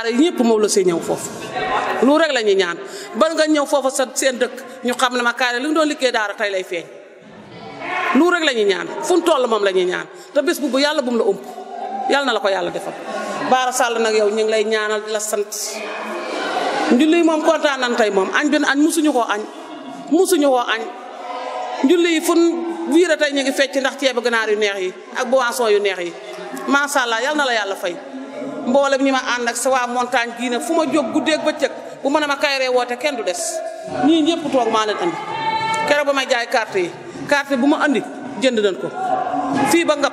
daara ñepp mo la sé ñew fofu lu rek la ñaan ba nga ñew fofu sa seen dëkk ñu xam na ma kaare li doon liggé daara tay lay feeñ lu rek la ñaan fu mu toll mom la ñaan te bés bu bu yalla bu mu la ump yalla na la ko yalla defal baara sall nak yow ñing lay ñaanal di la sant njulli moom kontaan nan tay mom añ bin añ musuñu ko añ musuñu ko añ ndulli yi wiira tay ñi ngi fecc ndax ceebu ganaar yu neex yi ak boisson yu neex yi ma sha allah yalla na la yalla fay mboolem ñi ma ànd ak sa waa montagne gii nag fu ma jóg guddeeg bëccëg bu ma ne ma kayree woote kenn du des ñii ñëpp toog maa leen andi keroog ba may jaay carte yi carte bu ma andi jënd nañ ko fii ba ngap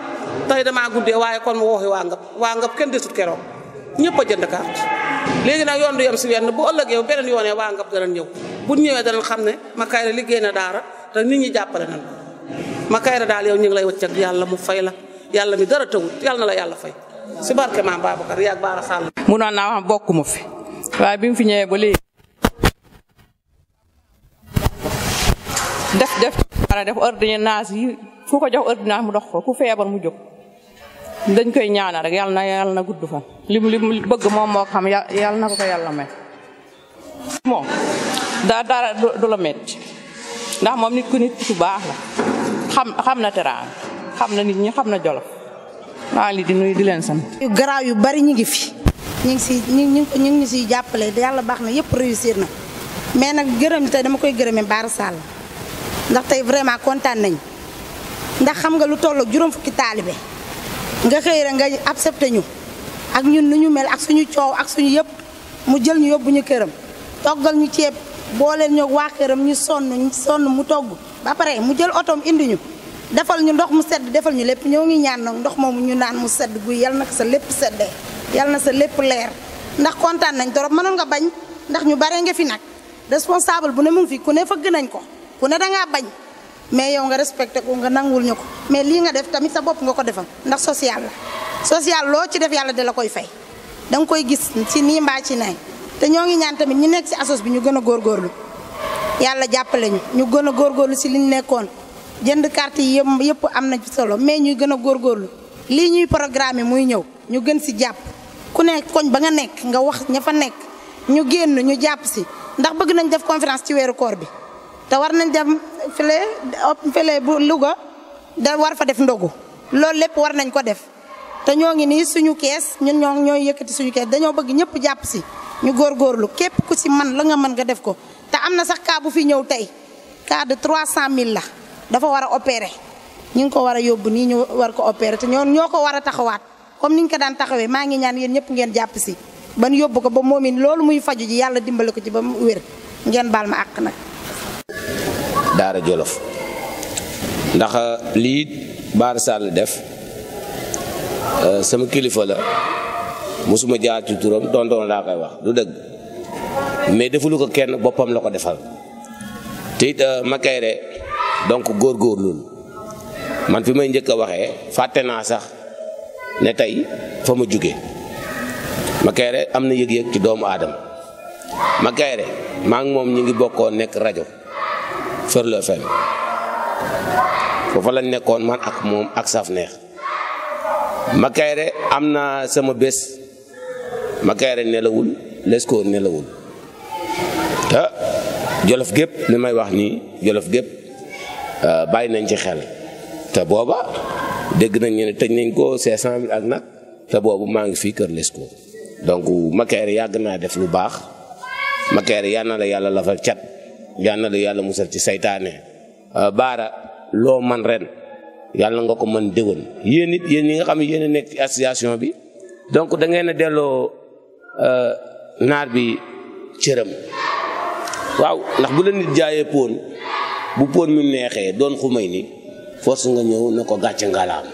tey damaa guddee waaye kon ma wooxi waa ngap waa ngap kenn desut keroog ñëpp a jënd carte léegi nag yoon du yem si wenn bu ëllëg yow beneen yoonee waa ngap danañ ñëw bu ñëwee danañ xam ne ma kayre liggéey na daara te nit ñi jàppale nañ ma kayre daal yow ñu ngi lay wëcc ak yàlla mu fay la yàlla mi dara tawut yàlla na la yàlla fay si barke maam Babacar yaag Baara Sall. munoon na wax bokkuma fi way bi mu fi ñewé ba léegi. def def war a def ordonnance yi fu ko jox ordonnance mu dox ko ku febar mu jox dañ koy ñaanal rek yalla na yalla na gudd fa lim lim bëgg moom mo xam yalla na ko yalla may. moom da dara du la metti ndax mom nit ku nit ku baax la xam xam na teraan xam na nit ñi xam na jollof maa ngi di nuyu di leen sant. yu garaaw yu bari ñu ngi fi. ñu ngi si ñu ñu ngi siy jàppale yàlla baax na yëpp réussir na mais nag gërëm tey dama koy gërëmee Baara Sall ndax tey vraiment kontaan nañ ndax xam nga lu toll juróom fukki taalibe nga xëy rek nga accepté ñu ak ñun nu ñu mel ak suñu coow ak suñu yëpp mu jël ñu yóbbu ñu këram toggal ñu ceeb booleel ñoo waa këram ñu sonn ñu sonn mu togg ba pare mu jël otoom indi ñu. defal ñu ndox mu sedd defal ñu lepp ñoo ngi ñaan nag ndox momu ñu naan mu sedd gu yal nak sa lepp sedd yalla na sa lepp leer ndax contane nañ torop manon nga bañ ndax ñu bare nga fi nak responsable bu ne mu ngi fi ku ne fëgg nañ ko ku ne da nga bañ mais yow nga respecté ko nga nangul ñuko mais li nga def tamit sa bop nga ko defal ndax social la social lo ci def yalla da la koy fay dang koy gis ci ni mba ci nay te ñoo ngi ñaan tamit ñi nekk ci asos bi ñu gën gor góorgóorlu yalla jappalé ñu ñu gën gor ci liñ nekkone jënd kart yi yëpp am na ci solo mais ñuy gën a góorgóorlu lii ñuy programme muy ñëw ñu gën si jàpp ku nekk koñ ba nga nekk nga wax ña fa nekk ñu génn ñu jàpp si ndax bëgg nañ def conférence ci weeru koor bi te war nañ dem fële fële bu Louga da war fa def ndogu loolu lépp war nañ ko def te ñoo ngi nii suñu kees ñun ñoo ñooy yëkkati suñu kees dañoo bëgg ñëpp jàpp si ñu góorgóorlu képp ku si man la nga mën nga def ko te am na sax cas bu fi ñëw tey cas de 300000 la. dafa wara opérer opéré ñu ko wara a ni ñu war ko opérer te ñoon ñoko wara taxawat comme niñ ko daan taxawé ma ngi ñaan yeen ñepp ngeen japp ci ban yóbbu ko ba momin it loolu muy faju ji yalla dimbal ko ci ba mu ngeen balma ma nak dara jëlof ndax euh, li bar sal def euh, sama kilifa la musuma jaar ci turam don la kay wax du deug mais defuluko kenn bopam lako defal te euh, Makayre donc góor góorgóorlu man fi may njëkk a waxe fàtte naa sax ne tey fa ma jóge Makeere am na yëg-yëg ci doomu aadama Makeere maa ngi moom ñu ngi bokkoon nekk rajo Ferlo FM foofa lañ nekkoon man ak moom ak saf neex Makeere am na sama bés Makeere nelawul Lescor nelawul te Jolof gépp li may wax nii Jolof gépp Euh, bàyyi nañ ci xel te booba dégg nañ ñu ne tëj nañ ko 500000 ak nag te boobu maa ngi fii Kër Lesko donc Makeer yàgg naa def lu baax Makeer yal na la yàlla lafal cat yal na la yàlla musal ci seytaane euh, baara loo man ren yàlla nga ko mën déwén yéen it yéen ñi nga xam ne yéen a nekk association bi donc da ngeen a delloo euh, naar bi cëram waaw ndax bu la nit jaayee poon bu pon mi neexee doon xumay ni force nga ñëw na ko gàcce ngalaam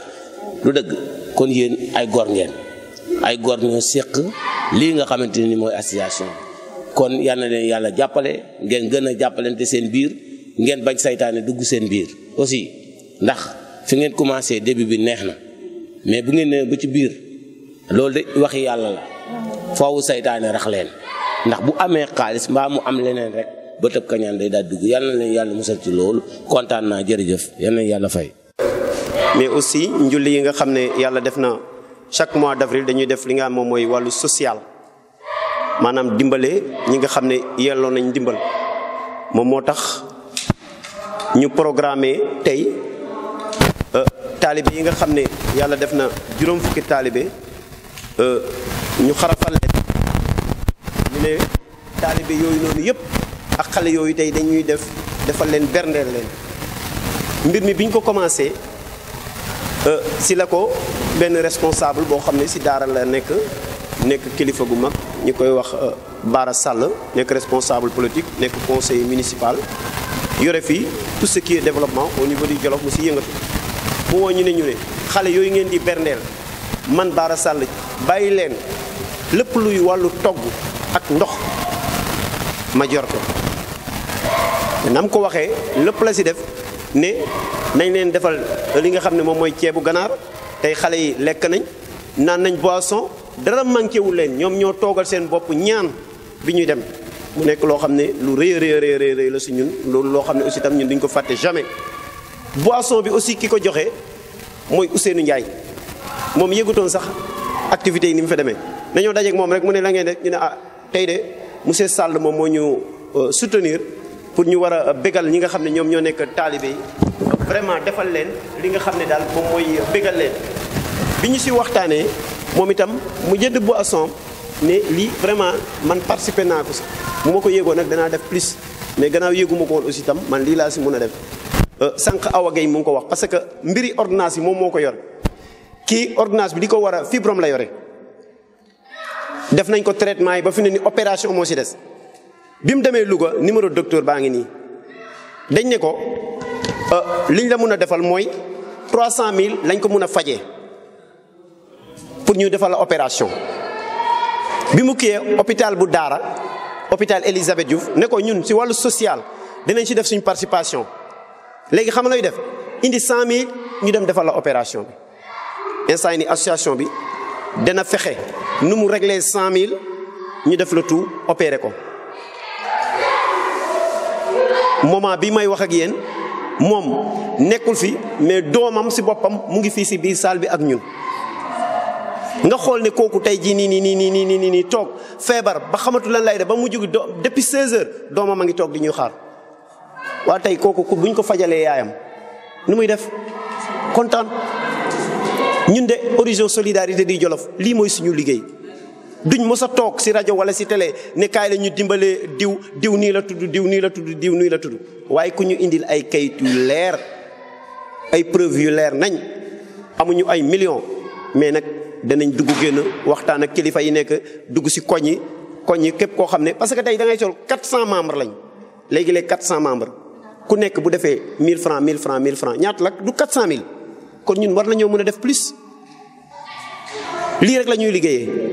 lu dëgg kon yéen ay gor ngeen ay gor ñoo séq lii nga xamante ni mooy association kon yal na leen yàlla jàppale ngeen gën a te seen biir ngeen bañ seytaane dugg seen biir aussi ndax fi ngeen commencé début bi neex na mais bu ngeen nee ba ci biir loolu de waxi yàlla la faaw saytaane rax ndax bu amee xaalis mbaa mu am leneen rek bëtëb kañaan day daal dugg yàlla na yàlla musal ci loolu kontaan naa jërëjëf yàlla na yàlla fay. mais aussi njulli yi nga xam ne yàlla def na chaque mois d'avril dañuy def li nga xam moom mooy wàllu social maanaam dimbale ñi nga xam ne yelloo nañ dimbal moom moo tax ñu programmé tey euh, taalibe yi nga xam ne yàlla def na juróom fukki taalibe euh, ñu xarafal leen ñu ne taalibe yooyu noonu yëpp. ak xale yooyu tey dañuy def defal len berndeel len mbir mi biñ ko commencé euh, si la ko benn responsable bo xamné ne si daara la nek nek kilifa gu mag ñu koy wax euh, Bara Sall nek responsable politique nek conseiller municipal yoré fi tout ce qui est développement au niveau du développement aussi, si yëngatu mu ñu né ñu né xalé yooyu ngeen di berndeel man Bara Sall bàyyi len lepp luy walu togg ak ndox ma jor ko Nam ko waxé le la def ne nañ leen defal li nga xamné mom moy ganar tay yi nañ nañ boisson dara manqué ñaan dem. mu lu ñun aussi tam ñun duñ ko faté jamais boisson bi aussi kiko joxé moy Ousseynou sax fa rek mu la ah, monsieur Sall ñu euh, soutenir pour ñu wara bégal ñi nga xamné ñom ñoo nek talibé vraiment défal leen li nga xamné dal daal moy bégal leen biñu ci waxtané mom itam mu jënd bu assom né li vraiment man participer naa ko si bu ma nak yéegoon nag def plus mais gannaaw yéeguma ko woon aussi tam man li la ci mëna def euh sank awagay mu ko wax parce que mbiri ordonnance mom moko yor ki ordonnance bi diko wara fibrom la yoré def nañ ko traitement yi ba fi ni opération mo ci dess nous avons louga numéro docteur baangi ni dañ qui ko euh liñ la mëna défal moy 300000 lañ ko mëna pour ñu défal opération bimu kié hôpital bu Bouddara, hôpital élisabeth diouf né ñun ci walu social nous ci def une participation légui xam fait 100 000, 100000 ñu dem défal opération bi avons ni association bi dina fexé nu mu régler 100000 ñu def le tout opérer ko moment bi may wax ak yéen moom nekkul fi mais doomam si boppam mu ngi fii si biir saal bi ak ñun. nga xool ne kooku tey jii nii nii nii nii nii nii toog feebar ba xamatu lan lay def ba mu jóg depuis 16 heures doomam a ngi toog di ñuy xaar waa tey kooku ku buñ ko fajalee yaayam nu muy def kontaan ñun de horizon solidarité di Jolof lii mooy suñu liggéey. duñ mës a toog si rajo wala si tele ne kaay la ñu dimbalee diw diw nii la tudd diw nii la tudd diw nii la tudd waaye ku ñu indil ay kayit yu leer ay preuve yu leer nañ amuñu ay millions mais nag danañ dugg génn waxtaan ak kilifa yi nekk dugg si koñ yi koñ yi képp koo xam ne parce que tey da ngay sol 400 membres lañ léegi les 400 membres ku nekk bu defee mille francs mille francs 1000 francs ñaata lag du 400000 kon ñun war nañoo mën a def plus lii rek lañuy liggéeyee.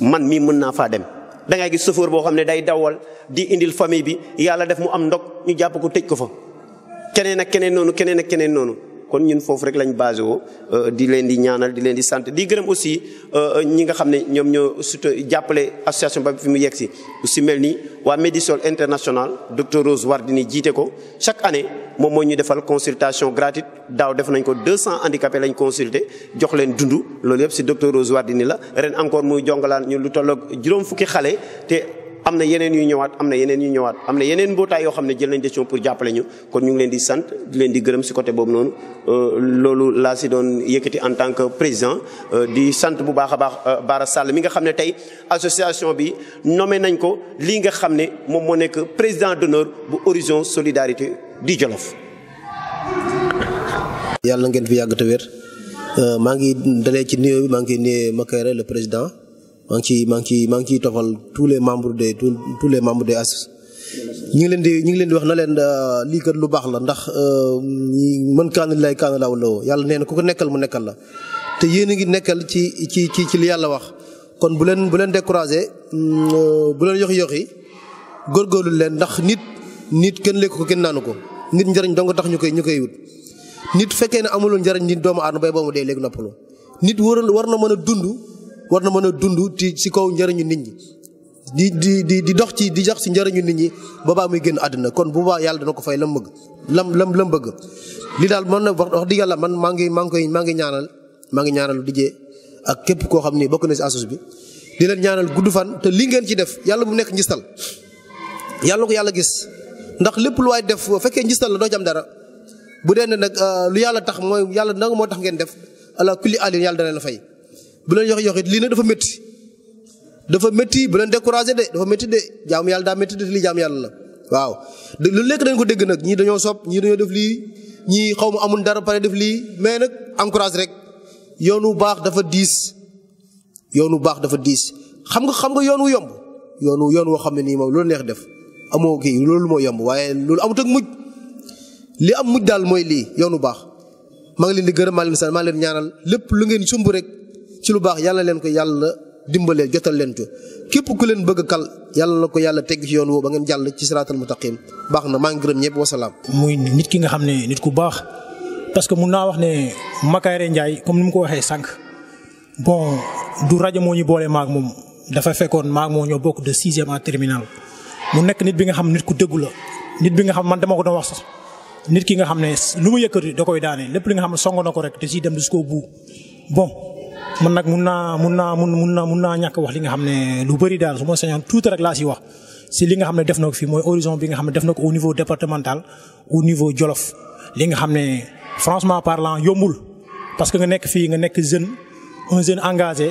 man mii mën naa faa dem dangay ngay gis chauffeur boo xam ne day dawal di indil famille bi yàlla def mu am ndog ñu jàpp ko tëj ko fa keneen ak keneen noonu keneen ak keneen noonu. kon ñun fofu rek lañ basé woo euh, di leen di ñaanal di leen di sant di gërëm aussi euh, euh, ñi nga xamné ñom ñoo surtout jàppale association ba fi mu yegg si melni wa medisol international docteur Rose Wardini jité ko chaque année moom mo ñu défal consultation gratuite daw def nañ ko 200 handicapé lañ consulter jox leen dundu lool yépp ci docteur Rose Wardini la ren encore muy jongalaan ñu lu tolloog juroom fukki xalé té amna yenen yu ñëwaat amna yenen yu ñëwaat amna yenen yeneen mbootaay yoo jël nañ décision pour jappalé ñu kon ñu ngi leen di sant di leen di gërëm si côté boobu euh lolu la ci doon yëkëti en tant que président euh, di sant bu baax baax euh, Bara Sall mi nga xam tay association bi nommé nañ ko li nga xam mom mo nekk président d'honneur bu Horizon Solidarité di Jolof. Yalla ngeen fi yàgg te euh ma ngi dalé ci nuyoo bi ma ngi né nuyoo le président. maa ngi ciy maa ngi ciy maa ngi ciy tofal tous les membres des tous tous les membres des ñu ngi leen di ñu ngi leen wax na leen euh, lii kat lu baax la ndax euh, mën kaanu lay kaanu laaw la yàlla nee na ku ko nekkal mu nekkal la te yéen a ngi nekkal ci ci ci ci li yàlla wax kon bu leen bu leen découragé mm, euh, bu leen yoxi yoxi góorgóorlu leen ndax nit nit kenn lekk ko kenn naanu ko nit njëriñ dong tax ñu koy ñu koy wut. nit fekkee ne amuloo njariñ nit doomu aadama bay boobu dee léegi noppalu nit war war na mën a dund. war na mën a dund ci ci kaw njëriñu nit ñi di di di di dox ci di jox ci njëriñu nit ñi muy génn àdduna kon bu baa yàlla dana ko fay lam bëgg lam lam lam bëgg li daal mën wax wax di yàlla man maa ngi maa ngi koy maa ngi ñaanal maa ngi ñaanal dijee ak képp koo xam ni bokk na si bi di leen ñaanal gudd fan te li ngeen ci def yàlla mu nekk njistal yàlla ko yàlla gis ndax lépp lu waay def fekkee njistal la doo ci am dara bu dee nag euh, lu yàlla tax mooy yàlla nanga moo tax ngeen def ala kulli alin yàlla dana la fay bu leen yox yox lii nag dafa metti dafa métti bu leen découragé de dafa métti de jaamu yàlla daa métti de lii jaamu yàlla la waaw de lu lekk dañ ko dégg nag ñii dañoo sopp ñi dañoo def lii ñii xaw ma amul dara pare def lii mais nag encourage rek yoonu baax dafa diis yoonu baax dafa diis xam nga xam nga yoon wu yomb yoonu yoon woo xam ne nii moom loolu neex def amoo kii loolu moo yomb waaye loolu amut ak mujj li am mujj daal mooy lii yoon yoonu baax maa ngi leen di gërëm maa leen sant maa ñaanal lépp lu ngeen sumb rek ci lu baax yàlla leen ko yàlla dimbalee jotal leen ko képp ku leen bëgg kal yàlla la ko yàlla teg ci yoon woo ba ngeen jàll ci siraatal mustaqim baax na maa ngi gërëm ñëpp wasalaam. muy nit ki nga xam ne nit ku baax parce que mun naa wax ne Makayre Ndiaye comme ni mu ko waxee sànq bon du rajo moo ñu boole maag moom dafa fekkoon maag moo ñoo bokk de sixième à mu nekk nit bi nga xam nit ku déggu nit bi nga xam man dama ko doon wax sax nit ki nga xam ne lu mu yëkkati da koy daane lépp li nga xam ne song na ko rek da ciy dem koo bout bon. man nak mun naa mun naa mun naa mun naa ñàkk wax li nga xam ne lu bëri daal su ma sañoon tuuti rek laa si wax si li nga xam ne def na ko fii mooy horizon bi nga xam ne def na ko au niveau départemental au niveau Jolof li nga xam ne franchement parlant yombul parce que nga nekk fii nga nekk jeune un jeune engagé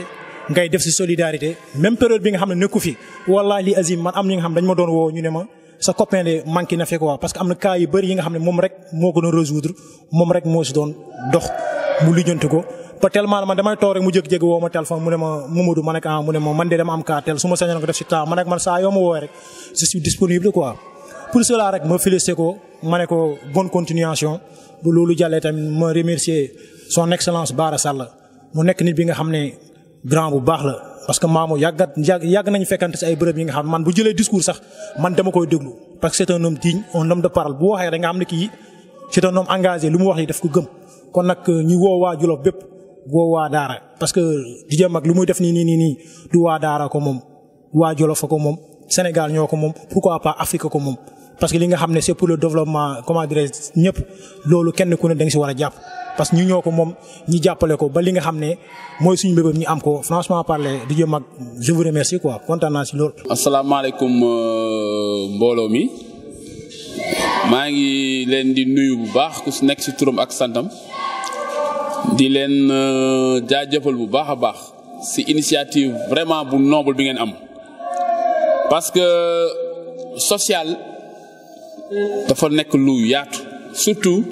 ngay def si solidarité même période bi nga xam ne nekku fi wallaahi li azim man am ñi nga xam dañ ma doon woo ñu ne ma sa copain de manqué na fekk quoi parce que am na cas yu bëri yi nga xam ne moom rek moo ko doon résoudre moom rek moo si doon dox mu lijeuntu ko ba tellement man damay toog rek mu jékki-jékki wo ma telephone mu ne ma Mamadou ma ne ah, mu ne ma man de dama am cartel su ma sañoon ko def ci temps man man sa yoo ma woo rek je suis disponible quoi pour cela rek ma féliciter ko mané ko bonne continuation bu lolu jàllee tam ma remercier son excellence Bara Sall mu nek nit bi nga xamné grand bu bax la parce que maamu yagat yag nañu fekkante ci ay bërëb yi nga xam man bu jëlé discours sax man dama koy déglu parce que c'est un homme digne un homme de parole bu waxé da nga am ne ki c'est un homme engagé lu mu wax ni daf ko gëm kon nag ñi woo waa Jolof bépp woo waa Daara parce que Dj Mag lu muy def nii nii nii nii du waa Daara ko moom waa Jolof ko moom Sénégal ñoo ko moom pourquoi par Afrique ko moom. parce que li nga xam ne c'est pour le développement comment dirais ñëpp loolu kenn ku ne da si war a jàpp parce que ñu ñoo ko moom ñi jàppale ko ba li nga xam ne mooy suñu mbébét ñu am ko franchement parler di jëm ak je vous remercie quoi si loolu. asalaamaaleykum euh, mbooloo mi maa ngi leen di nuyu bu baax ku si nekk si turam ak santam. di leen euh, jaajëfal bu baax a baax initiative vraiment bu noble bi ngeen am parce que social dafa nek lu yaatu surtout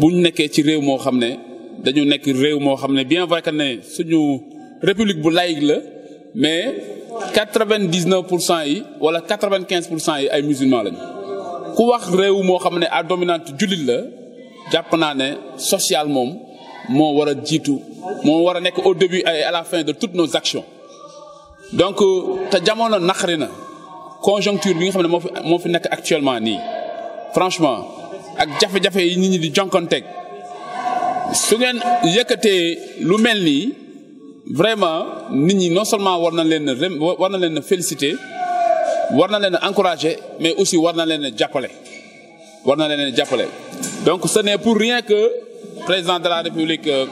buñ nekké ci réew mo xamné ne dañu nek réew mo xamné bien vrai que ne suñu république bu laïque la mais 99% yi wala 95% yi ay musulmans lañ ku wax réew mo xamné à dominante jullit la japp na né social mom mon wara a jiitu wara nek au début et à la fin de toutes nos actions donc euh, ta jamono nakhrina conjoncture bi nga xam mo fi nek actuellement ni. franchement ak jafé, jafé yi nit ñi di jonkonteeg su ngeen yëkëté lu melni vraiment nit ñi non seulement war na leen war na leen féliciter war na leen encourager mais aussi war na leen jappalé war na leen jappalé donc ce n'est pour rien que président de la république euh,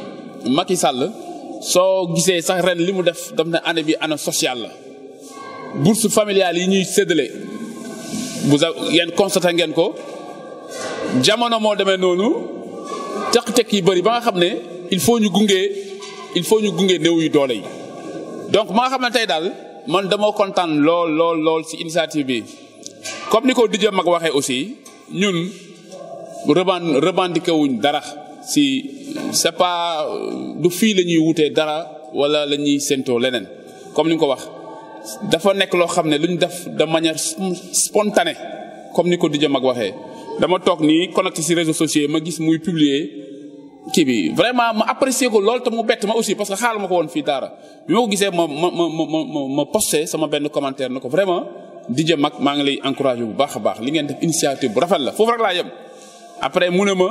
Macky Sall so gisé sax ren li def daf année bi année sociale la bourse familiale yi ñuy séddale vous yeen constaté ngeen ko jamono mo démé noonu tekk-tekk yi bari ba nga xam il faut ñu gunge il faut ñu gunge néew yu doole donc ma xamné tay dal tey daal man dama lol lol lol ci initiative bi comme niko ko dijë mag waxee aussi ñun reban revendiqué wuñ dara si c'est pas euh, du fi lañuy wouté dara wala lañuy sento lenen comme ni ko wax dafa nek lo xamné luñ def de manière spontanée comme niko ko Dija Mag waxé dama tok ni connecté ci réseaux sociaux ma gis muy publier kii bi vraiment ma apprécier ko lol te mu bett ma aussi parce que xaluma ko won fi dara bi ma ko gisee ma ma ma ma ma sama ben commentaire na vraiment Dija Mag ma ngi lay encourager bu baax a baax li ngeen def initiative bu rafet la fofu rek la yem après mu ma.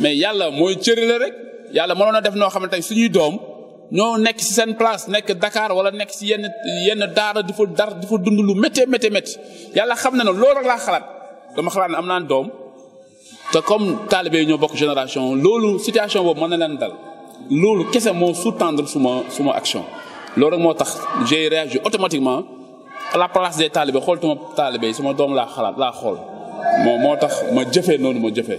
mais yàlla mooy cërale rek yàlla mënoon a def noo xam ne tey suñuy doom ñoo nekk si seen place nekk Dakar wala nekk si yenn yenn daara di fa dar di fa dund lu méttee méttee métti yàlla xam na ne loolu rek laa xalaat dama xalaat ne am naa doom te comme taalibe ñoo bokk génération loolu situation boobu mën na leen dal loolu kese moo sous-tendre suma suma action loolu rek moo tax j'ai réagi automatiquement à la place des taalibe xool tuma taalibe suma doom laa xalaat laa xool moo moo tax ma jëfee noonu ma jëfee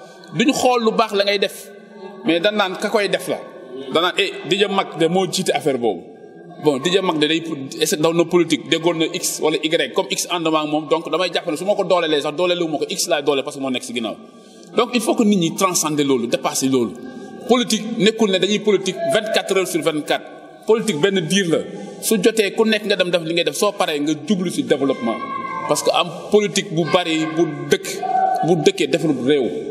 duñ xool lu baax la ngay def mais dañ naan ka koy def la danaan eh Dj Mag de moo jiite affaire boobu bon Dj Mag de day est na politique déggoon na x wala y comme x ànduma ak moom donc damay jàpp ne su ma ko doolelee sax dooleelu ma ko x laay doole parce que moo nekk si ginnaaw donc il faut que nit ñi transcender loolu dépasser loolu politique nekkul ne dañuy politique 24 heures sur 24 politique benn diir la su jotee ku nekk nga dem def li ngay def soo paree nga jublu si développement parce que am politique bu bari bu dëkk bu dëkkee deful réew.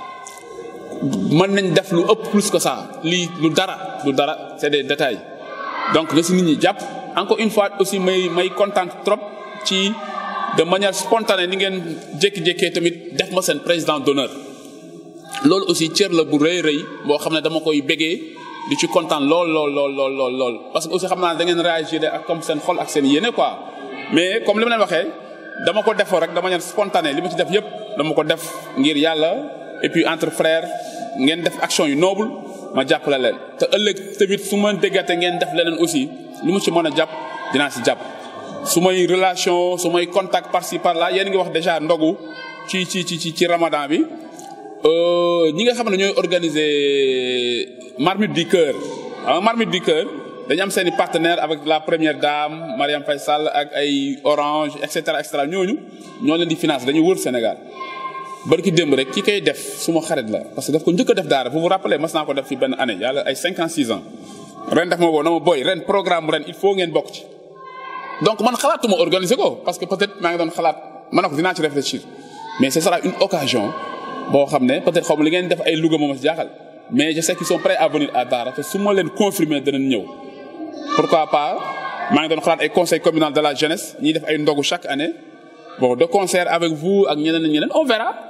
man nañ def lu ëpp plus que ça li lu dara lu dara c'est des détails donc na si nit ñi jàpp encore une fois aussi may may content trop ci de manière spontanée ni ngeen jékki-jékkee tamit def ma seen président d'honneur loolu aussi cër la bu rëy rëy boo xam ne dama koy bégee di ci content lool lool lool lool lool lool parce que aussi xam naa da ngeen réagir ak comme seen xol ak seen yéene quoi mais comme li ma leen waxee dama ko defoo rek dama manière spontanée li ma ci def yépp dama ko def ngir yàlla et puis entre frères ngeen def action yu noble ma jàppale len te ëllëg tamit su ma déggate ngeen def leneen aussi lu mu ci mën japp dina ci japp sumay relation sumay contact par ci par là yéen ngi wax déjà ndogu ci ci ci ci ramadan bi euh ñi nga xam ne ñooy organiser marmite du cœur ah marmite du cœur dañ am seeni partenaire avec la première dame Mariam Faye Sall ak ay Orange etc. cetera et cetera ñooñu ñoo leen di finance dañu wër Sénégal barki dem rek ki kay def suma xarit la parce que daf ko njëkk def daara vous vous rappelez, mas naa ko def fi benn année yàlla ay 56 ans ren daf ma woo na ma boy, ren programme ren il faut ngeen bokk ci. donc man xalaatuma organiser ko parce que peut-être maa ngi doon xalaat ma ne ko dinaa ci réfléchir mais ce sera une occasion boo xam ne peut-être xaw ma li ngeen def ay Louga moom si jaaxal mais je sais qu'ils sont prêts à venir à Dara te su ma leen confirmer danañ ñëw. pourquoi pas maa ngi doon xalaat ay conseil communal de la jeunesse ñiy def ay ndogu chaque année bon de concert avec vous ak ñeneen ñeneen on verra.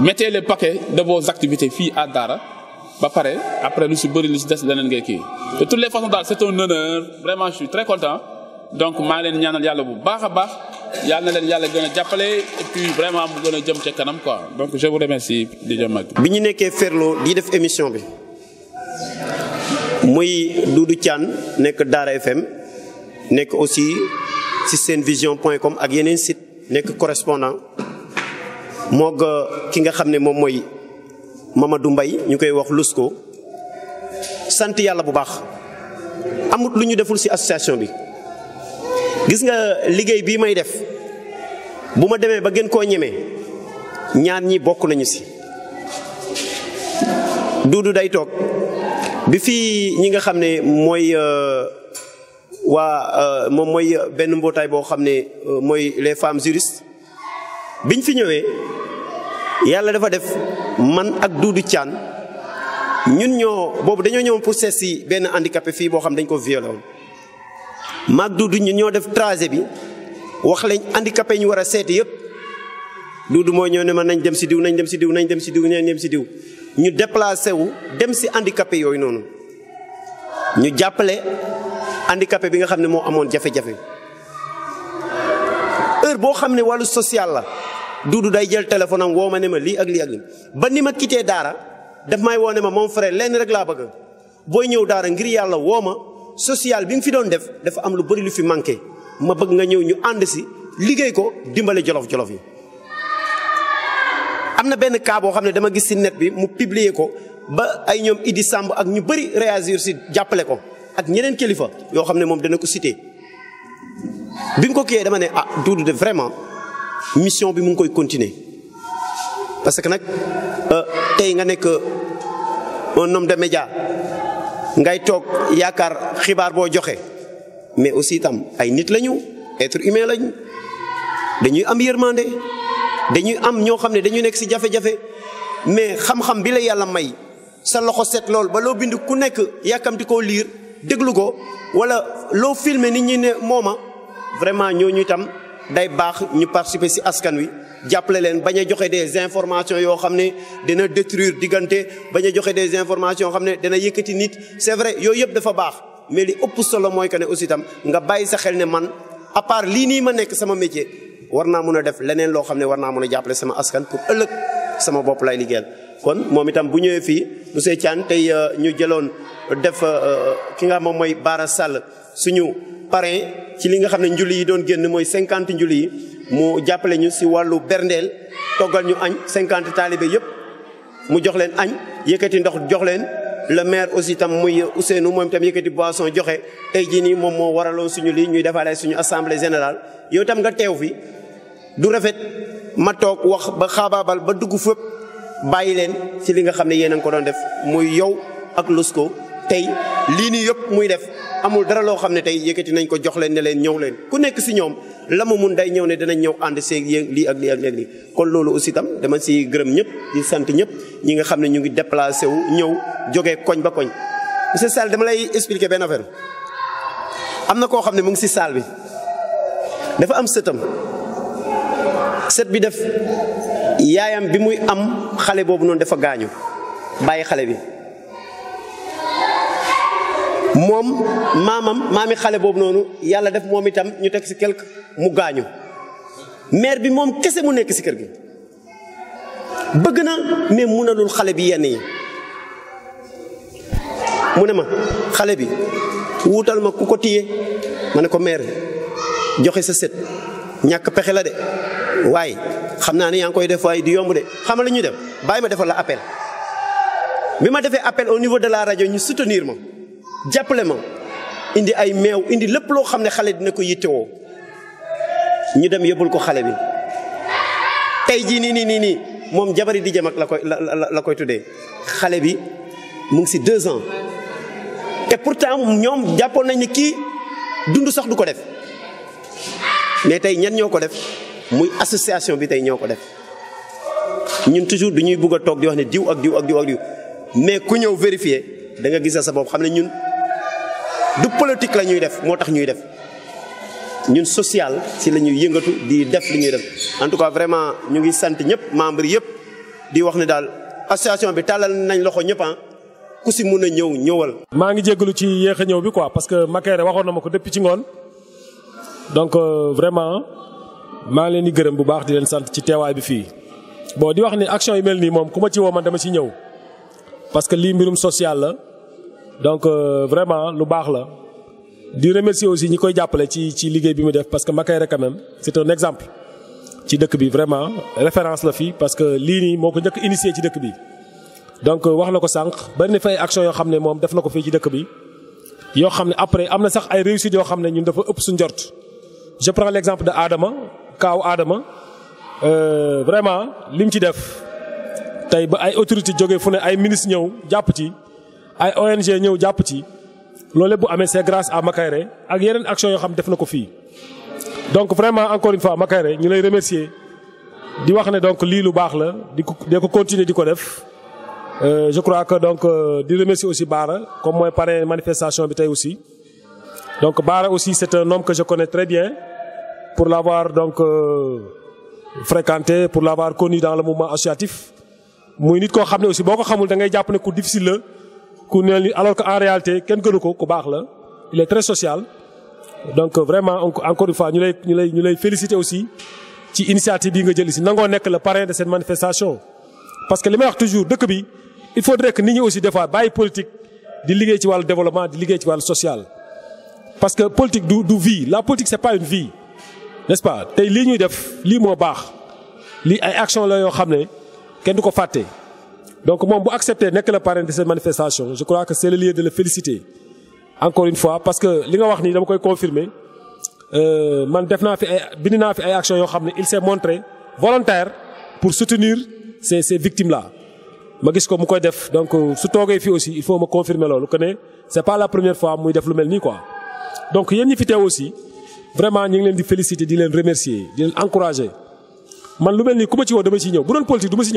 mettez le paquet de vos activités fii à Dara, ba pare après lu si bëri lu si des leneen ngay kii de toutes les façons daal c'est un honneur vraiment je suis très content donc maa ngi leen ñaanal yàlla bu baax a baax yàlla na leen yàlla gën a jàppale et puis vraiment mu gën a jëm ca kanam quoi donc je vous remercie DJ Mag. bi ñu nekkee Ferlo di def émission bi muy Doudou Thiane nekk Daara FM nekk aussi ci Senevision point com ak yeneen site nekk correspondant. moog euh, ki nga xam ne moom mooy Mamadou Mbaye ñu koy wax Lusko sant yàlla bu baax amut lu ñu deful ci association bi gis nga liggéey bii may def bu ma demee ba gën koo ñemee ñaar ñi bokk nañu ci duudu day toog bi fii ñi nga xam ne mooy euh, waa euh, moom mooy benn mbootaay boo xam les femmes juristes biñ fi ñëwee yàlla dafa def man ak dudu caan ñun ñoo boobu dañoo ñëwoon pour seet si benn handicapé fii boo xam dañ ko violé woon maag duudu ñun ñoo def tracé bi wax lañ handicapé ñu war a seeti yëpp duudu ñëw ne man nañ dem si diw nañ dem si diw nañ dem si diw nañ dem si diw ñu déplacé wu dem si handicapé yooyu noonu ñu jàppale handicapé bi nga ne moo amoon jafe-jafe heure boo ne social la duudu day jël téléphone am ma ne ma lii ak lii ak ba ni ma quitté daara daf may woo ma moom frère lenn rek laa bëgg booy ñëw daara ngir yàlla woo ma social bi nga fi doon def dafa am lu bëri lu fi manqué ma bëgg nga ñëw ñu ànd si liggéey ko dimbale jolof-jolof yi. am na benn cas boo xam ne dama gis si net bi mu publier ko ba ay ñoom Idi Samb ak ñu bëri réagir si jàppale ko ak ñeneen kilifa yoo xam ne moom dana ko cité bi mu ko kiyee dama ne ah duudu de vraiment. mission bi mu ngi koy continuer parce que euh tay nga nek un homme de média ngay tok yakar xibar bo joxe mais aussi tam, ay nit lañu être humain lañu dañuy am yermandé dañuy am ño xamné dañuy nek ci jafé jafé mais xam-xam bi la yalla may sa loxo set lol ba lo bind ku nekk yàkkamti koo lire deglu ko wala lo filmer nit ñi ne moma vraiment ñu tam day bax ñu participer ci askan wi jàppale len baña joxé des informations yo xamné dina détruire diganté baña joxé des informations xamné dina yëkkati nit c'est vrai yooyu yëpp dafa bax mais li upp solo moy que aussi tam nga bàyyi sa xel ne man à part li ni ma nek sama métier warna mëna def leneen lo xamné warna mëna naa sama askan pour ëlëk sama bop lay liggéeyal kon moom itam bu ñëwé fi monsieur Thian tay euh, ñu jëlone def euh, ki nga mom moy Bara Sall suñu paré ci li nga xamné njuli yi doon génn moy 50 njuli mu jappalé ñu ci walu berndel togal ñu añ 50 talibé yépp mu jox leen añ yëkkati ndox jox leen le maire aussi tam muy Ousseynou mom tam yëkkati boisson joxé tey jii nii moom moo waraloon suñu li ñuy defaale suñu assemblée générale yow tam nga teew fi du rafet ma tok wax ba xaabaabal ba dugg fépp bàyyi leen ci li nga xamné ne yéen a ko doon def muy yow ak Lusco tey lii nii yëpp muy def amul dara loo xam ne tey yëkkati nañ ko jox leen ne leen ñëw leen ku nekk si ñoom la mun day ñëw ne danañ ñëw ànd see yéen lii ak lii ak lii kon loolu aussi tam dama si gërëm ñëpp di sant ñëpp ñi nga xam ne ñu ngi déplacé wu ñëw jógee koñ ba koñ monsieur Sall dama lay expliquer benn affaire am na koo xam ne mu ngi si salle bi dafa am sëtam sët bi def yaayam bi muy am xale boobu noonu dafa gaañu bàyyi xale bi. moom maamam maami xale boobu noonu yàlla def moom itam ñu teg ci quelque mu gaañu maire bi moom kese mu nekk ci kër gi bëgg na mais mënalul xale bi yenn yi mu ne ma xale bi wuutal ma ku ko téye ma ne ko maire joxe sa set ñàkk pexe la de waaye xam naa ne yaa ngi koy def waaye di yomb de xam la ñuy def bàyyi ma defal la appel bi ma defee appel au niveau de la rajo ñu soutenir ma. jàppale ma indi ay meew indi lepp lo xamne xalé dina ko yittewoo ñu dem yebul ko xalé bi tay ji ni ni ni mom moom jabari di jëm ak la koy la koy tuddee xalé bi mu ngi ci 2 ans et pourtant ñom jàppoon nañ ni ki dund sax du ko def mais tay ñan ñoko def muy association bi tay ñoko def ñun toujours duñuy bëgg tok di wax ni diw ak diw ak diw ak diw mais ku ñëw vérifier da nga gis sa bop xamné ñun. du politique la ñuy def moo tax ñuy def ñun social si la ñuy yëngatu di def lu ñuy def en tout cas vraiment ñu ngi sant ñëpp membre yëpp di wax ne daal association bi tàllal nañ loxo ñëpp ah. ku si mun a ñëw ñëwal. maa ngi jégalu ci yéex a ñëw bi quoi parce que Makeere waxoon na ma ko depuis ci ngoon donc euh, vraiment maa ngi leen di gërëm bu baax di leen sant ci teewaay bi fii. boo di wax ni action yu mel nii moom ku ma ci woo man dama ci ñëw parce que lii mbirum social la. donc euh, vraiment lu bax la di remercier aussi ñi koy jappalé ci ci liggéey bi mu def parce que Makaere quand même c'est un exemple ci dëkk bi vraiment référence la fille parce que lini ni moko ko initié ci dëkk bi. donc euh, wax na ko sank bari na fay action yo xamné mom def na ko fii ci dëkk bi yo xamné après amna sax ay réussite yo xamné ñun dafa upp su ndort je prends l'exemple de Adama kaw Adama euh, vraiment lim ci def tay ba ay autorité jogé fune ay ministre ñëw japp ci ay ONG ñëw japp ci lolé bu amé c'est grâce à Makaire ak yeneen action yo xam def na ko fii. donc vraiment encore une fois Makaere ñu lay remercier di wax né donc li lu bax la di ko ko continuer di ko def euh, je crois que donc euh, di remercier aussi Bara comme par une manifestation bi tay aussi. donc Bara aussi c'est un homme que je connais très bien pour l'avoir donc euh, fréquenté pour l'avoir connu dans le mouvement associatif muy nit ko xamné aussi boko xamul da ngay japp né ko difficile la alors qu'en réalité Ken gënu ko ku il est très social donc vraiment encore une fois nous les ñu lay ñu lay féliciter aussi ci initiative bi nga jël Nous sommes le parrain de cette manifestation. parce que les meilleur toujours dëkk bi il faudrait que nous aussi des fois bàyyi politique di liggéey ci développement di liggéey ci social. parce que politique du du vie la politique c'est pas une vie n'est-ce pas Et lignes de def lii moo baax lii ay action la yoo xam ne kenn donc moom bu accepter nekk le parrain de cette manifestation je crois que c'est le lieu de le féliciter encore une fois parce que li nga wax nii dama koy confirmer euh, man def naa fi fi ay actions yoo il s'est montré volontaire pour soutenir ces ces victimes là ma gis ko mu koy def donc euh, su toogee fii aussi il faut me confirmer loolu que ne c'est pas la première fois muy def lu mel quoi donc y a fi teew aussi vraiment je les leen di féliciter di leen remercier di leen encourager man lu mel nii ku ma ci woo dama ciy bu politique du ci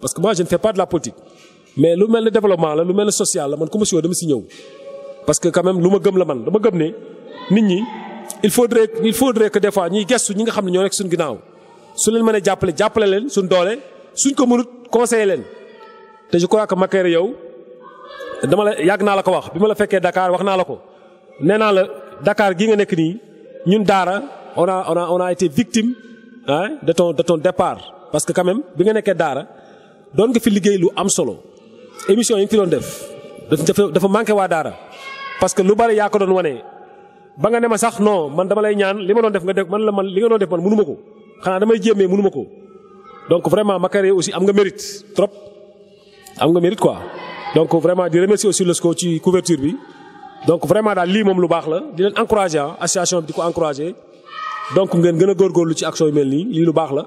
parce que moi je ne fais pas de la politique mais lu mel développement la lu mel social là, man commission dama si ñëw parce que quand même lu gëm la man dama gëm ni, nit ñi il faudrait il faudrait que des fois ñi gestu ñi nga xamni ñoo nekk suñu ginaaw su leen mëna jappalé jappalé leen suñ doole suñ ko mënut conseiller leen te je crois que makere yow dama la yàgg naa la ko wax bima la fekkee Dakar wax naa la ko néna la Dakar gi nga nek ni ñun daara on a on a on a été victime hein de ton de ton départ parce que quand même bi nga nekkee daara doon nga fi liggéey lu am solo émission yi nga fi doon def dafa dafa manqué waa daara parce que lu bari yaa ko doon wane ba nga ne ma sax non man dama lay ñaan li ma doon def nga def man la man li nga doon def man mënu ko xanaa damay jéemee mënu ko donc vraiment Makaré aussi am nga mérite trop am nga mérite quoi donc vraiment di remercier aussi Lesco ci couverture bi donc vraiment daal lii moom lu baax la di leen encourager ah association bi di ko encourager donc ngeen gën a góorgóorlu ci action yu mel nii lii lu baax la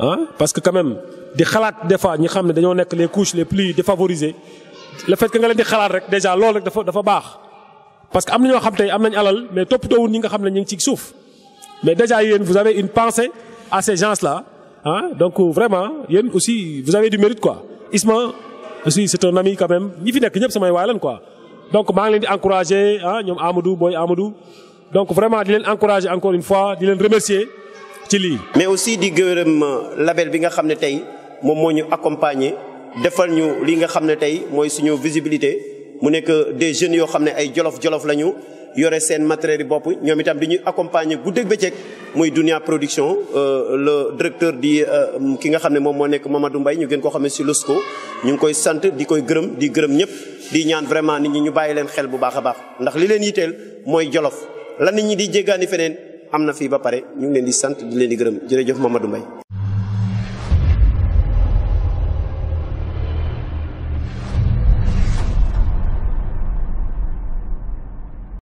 ah parce que quand même di xalaat des fois ñi xam ne dañoo les couches les plus défavorisées le fait que nga leen di xalaat rek déjà loolu rek dafa dafa baax parce que am na ñoo xam tey am nañ alal mais toppatoo ñi nga xam ne ñu ngi ci suuf mais déjà yéen vous avez une pensée à ces gens là ah hein? donc vraiment yéen aussi vous avez du mérite quoi Isma aussi c'est un ami quand même ñi fi nekk ñëpp samay waay quoi donc maa ngi leen di encourager ah ñoom Amadou boy Amadou donc vraiment di leen encourager encore une fois di leen remercier ci lii. mais aussi di gërëm euh, label bi nga xam ne mom moo ñu accompagner defal ñu li nga xamné tay moy suñu visibilité mu nekk des jeunes yo xamné ay jollof jollof lañu yoré sen matériel bop ñom itam di accompagner guddeeg bëccëg moy Dunia production euh, le directeur di euh, ki nga xamné mom mo moo nekk Mamadou mbay ñu gën ko xam ci Losco ñu ngi koy sante di koy gërëm di gërëm ñëpp di ñaan vraiment nit ñi ñu bayiléen xel bu baaxa baax ndax li leen yitel moy jollof la nit ñi di jéggaani feneen amna na ba pare ñu ngi leen di sante di leen di gërëm jërëjëf Mamadou mbay